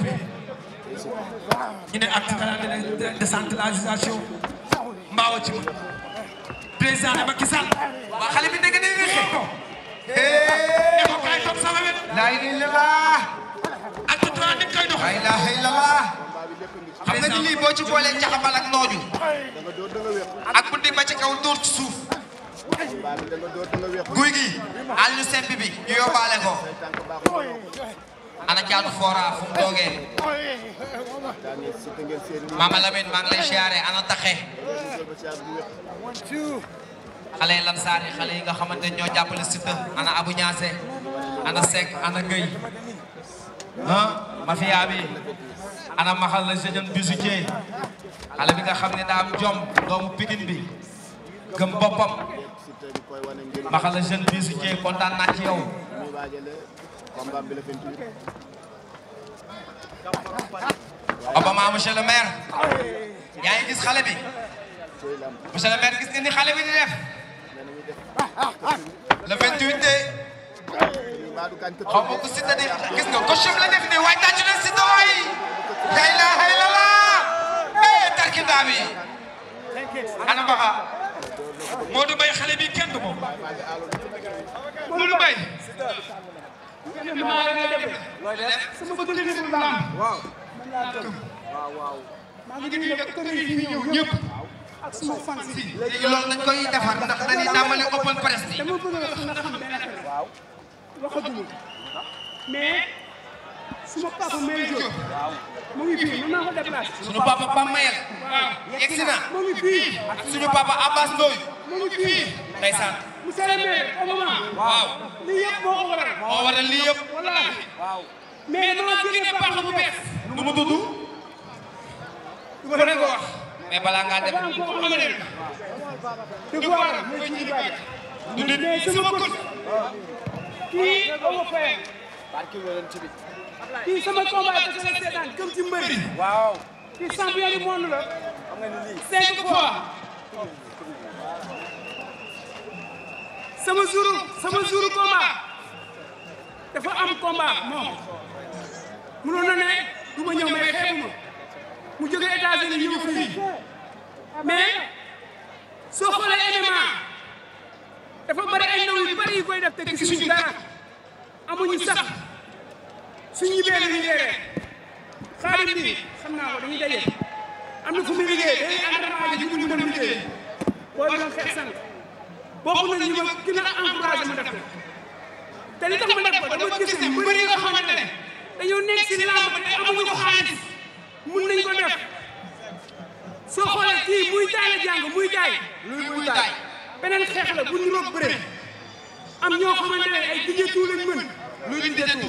ñu a acte de la décentralisation mbaaw ci ma président ne Macky Sall waa xale bi dégg ne xeex ko ne ko kaay toog sama wet laa ilaha illallah dox laa ilaha illallah xam nga ak bu di ci kaw dóor ci suuf guy gi àll sembi bi ñu yóbbaale ko ana caatu foora fu mu toogee Mama Lamine maa ngi lay ana taxe xale yi lan xale yi nga xamante ne ñoo jàppale Siteu ana Abou Niasse ana Seck ana Guèye ah mafia bi ana maxal la jeune musicien xale bi nga xam ne daa am jom doomu Pikine bi gëm boppam maxal la jeune musicien kontaan naa yow combat bi le 28. Obama monsieur le maire. yaa ngi gis xale bi. monsieur le maire gis nga ni xale bi di def. le 28 de. xaw ma ko Siteu di gis nga costume la def nii waaye tàccu na Siteu waay. la ilaha illallah. eh tarkindaa bi. ana baxa. yéen maa ngi lay def. looy def sama bëgg li mu laam. waaw man laa gëm. waaw waaw. maa ngi déglu kër yi fi ñëw ñëpp. ak bi. dama a mën naa ko déplacé. suñu papa Pam Mayel. waaw yegg si na. mu ngi fii. ak suñu papa Abbas Ndoye. mu ngi fii. ndeysaan. monsieur le maire waaw lii yëpp moo ko waral. moo waral lii yëpp. wallaahi waaw. mais damaa génne baax bu bees. nu mu tudd. du ko leen ko wax. mais balaa ngaa def du ko leen. di ko waral muy ci di baax. du nit mais sama kot. kii Omo Faye. kii sama combat de la seetaan gëm ci mbëri. waaw. kii champion du monde la. cinq fois. sama jouru sama jouru dafa am combat moom mënoon na ne du ma ñëw mais xeebu ma mu jóge États-Unis ñëw fii mais soo xoolee MMA dafa bari ay ndaw yu bari yu koy def te gisuñu dara amuñu sax suñu ñibbee la ñu leeree xam naa ko dañuy daje am na fu muy liggéey day entraînement ji fi mu doon liggéey boo doon xeex sànq bokk na ñi ma gën a encouragé ma def ko te li tax ma def ko dama gis ne mbëri ko def soo xoolee kii muy taay la jàng muy taay luy muy beneen xeex la bu ñu roog bëre am ñoo xamante ne ay dijjatu lañ mën luy dijjatu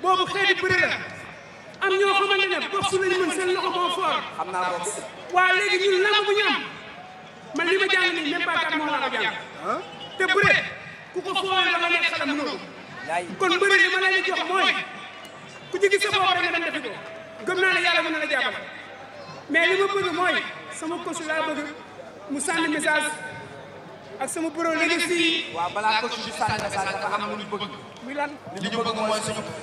boobu xeeti bëre am ñoo xamante ne box lañ mën seen loxo moo foor xam naa ñun làmb bu ñu te bëre ku ko fooy la nga nekk xale mënoo kon bëre li ma la jox mooy ku ci gis sa bopp rek nga dem defi gëm naa ne yàlla mën na la jàppale mais ma bëgg mooy sama kosu laa bëgg mu sànni message ak sama pro legacy. waaw balaa kosu di sànni message dafa am lu ñu bëgg. muy lan li ñu bëgg mooy suñu.